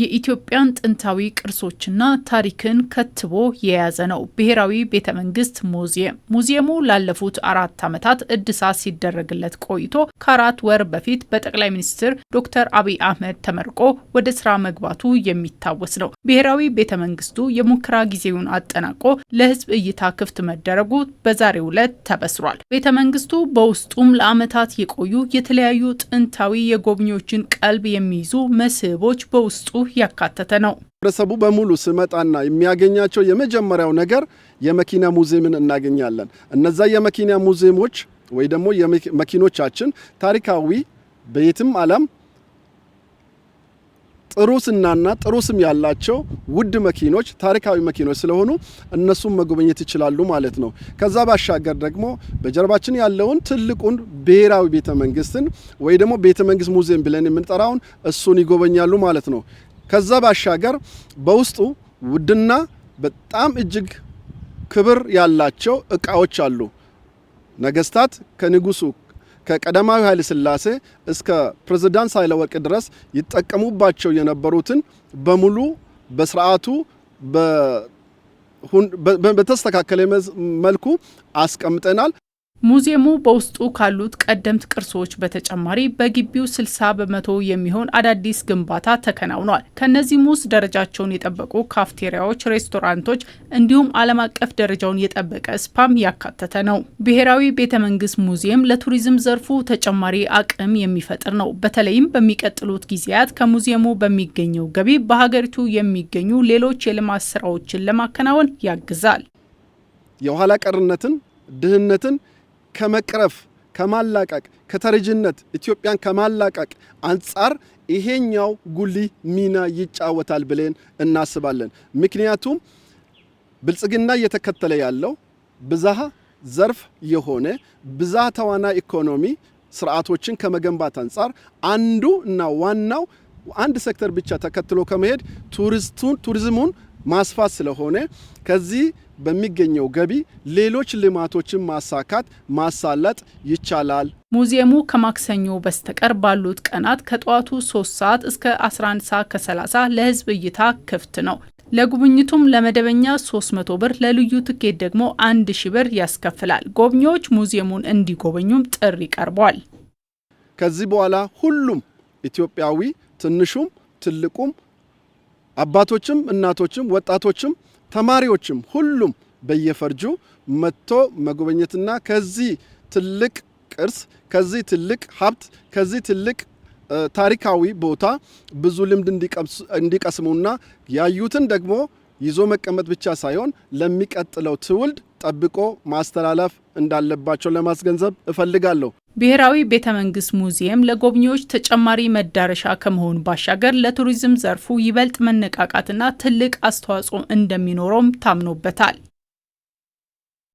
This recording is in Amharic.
የኢትዮጵያን ጥንታዊ ቅርሶችና ታሪክን ከትቦ የያዘ ነው። ብሔራዊ ቤተ መንግስት ሙዚየም። ሙዚየሙ ላለፉት አራት ዓመታት እድሳት ሲደረግለት ቆይቶ ከአራት ወር በፊት በጠቅላይ ሚኒስትር ዶክተር አብይ አህመድ ተመርቆ ወደ ስራ መግባቱ የሚታወስ ነው። ብሔራዊ ቤተ መንግስቱ የሙከራ ጊዜውን አጠናቆ ለህዝብ እይታ ክፍት መደረጉ በዛሬው ዕለት ተበስሯል። ቤተ መንግስቱ በውስጡም ለዓመታት የቆዩ የተለያዩ ጥንታዊ የጎብኚዎችን ቀልብ የሚይዙ መስህቦች በውስጡ ያካተተ ነው። ህብረተሰቡ በሙሉ ስመጣና የሚያገኛቸው የመጀመሪያው ነገር የመኪና ሙዚየምን እናገኛለን። እነዛ የመኪና ሙዚየሞች ወይ ደግሞ የመኪኖቻችን ታሪካዊ በየትም ዓለም ጥሩ ስናና ጥሩ ስም ያላቸው ውድ መኪኖች ታሪካዊ መኪኖች ስለሆኑ እነሱም መጎብኘት ይችላሉ ማለት ነው። ከዛ ባሻገር ደግሞ በጀርባችን ያለውን ትልቁን ብሔራዊ ቤተ መንግስትን ወይ ደግሞ ቤተ መንግስት ሙዚየም ብለን የምንጠራውን እሱን ይጎበኛሉ ማለት ነው። ከዛ ባሻገር በውስጡ ውድና በጣም እጅግ ክብር ያላቸው እቃዎች አሉ። ነገስታት ከንጉሱ ከቀዳማዊ ኃይለ ሥላሴ እስከ ፕሬዝዳንት ሳህለወርቅ ድረስ ይጠቀሙባቸው የነበሩትን በሙሉ በስርዓቱ በተስተካከለ መልኩ አስቀምጠናል። ሙዚየሙ በውስጡ ካሉት ቀደምት ቅርሶች በተጨማሪ በግቢው 60 በመቶ የሚሆን አዳዲስ ግንባታ ተከናውኗል። ከእነዚህም ውስጥ ደረጃቸውን የጠበቁ ካፍቴሪያዎች፣ ሬስቶራንቶች እንዲሁም ዓለም አቀፍ ደረጃውን የጠበቀ ስፓም ያካተተ ነው። ብሔራዊ ቤተ መንግስት ሙዚየም ለቱሪዝም ዘርፉ ተጨማሪ አቅም የሚፈጥር ነው። በተለይም በሚቀጥሉት ጊዜያት ከሙዚየሙ በሚገኘው ገቢ በሀገሪቱ የሚገኙ ሌሎች የልማት ስራዎችን ለማከናወን ያግዛል። የኋላ ቀርነትን፣ ድህነትን ከመቅረፍ ከማላቀቅ ከተረጅነት ኢትዮጵያን ከማላቀቅ አንጻር ይሄኛው ጉልህ ሚና ይጫወታል ብለን እናስባለን። ምክንያቱም ብልጽግና እየተከተለ ያለው ብዝሃ ዘርፍ የሆነ ብዝሃ ተዋና ኢኮኖሚ ስርዓቶችን ከመገንባት አንጻር አንዱ እና ዋናው አንድ ሴክተር ብቻ ተከትሎ ከመሄድ ቱሪዝሙን ማስፋት ስለሆነ ከዚህ በሚገኘው ገቢ ሌሎች ልማቶችን ማሳካት ማሳለጥ ይቻላል። ሙዚየሙ ከማክሰኞ በስተቀር ባሉት ቀናት ከጠዋቱ 3 ሰዓት እስከ 11 ሰዓት ከ30 ለህዝብ እይታ ክፍት ነው። ለጉብኝቱም ለመደበኛ 300 ብር ለልዩ ትኬት ደግሞ 1000 ብር ያስከፍላል። ጎብኚዎች ሙዚየሙን እንዲጎበኙም ጥሪ ቀርቧል። ከዚህ በኋላ ሁሉም ኢትዮጵያዊ ትንሹም ትልቁም አባቶችም እናቶችም ወጣቶችም ተማሪዎችም ሁሉም በየፈርጁ መጥቶ መጎብኘትና ከዚህ ትልቅ ቅርስ ከዚህ ትልቅ ሀብት ከዚህ ትልቅ ታሪካዊ ቦታ ብዙ ልምድ እንዲቀስሙና ያዩትን ደግሞ ይዞ መቀመጥ ብቻ ሳይሆን ለሚቀጥለው ትውልድ ጠብቆ ማስተላለፍ እንዳለባቸው ለማስገንዘብ እፈልጋለሁ። ብሔራዊ ቤተ መንግስት ሙዚየም ለጎብኚዎች ተጨማሪ መዳረሻ ከመሆኑ ባሻገር ለቱሪዝም ዘርፉ ይበልጥ መነቃቃትና ትልቅ አስተዋጽኦ እንደሚኖረውም ታምኖበታል።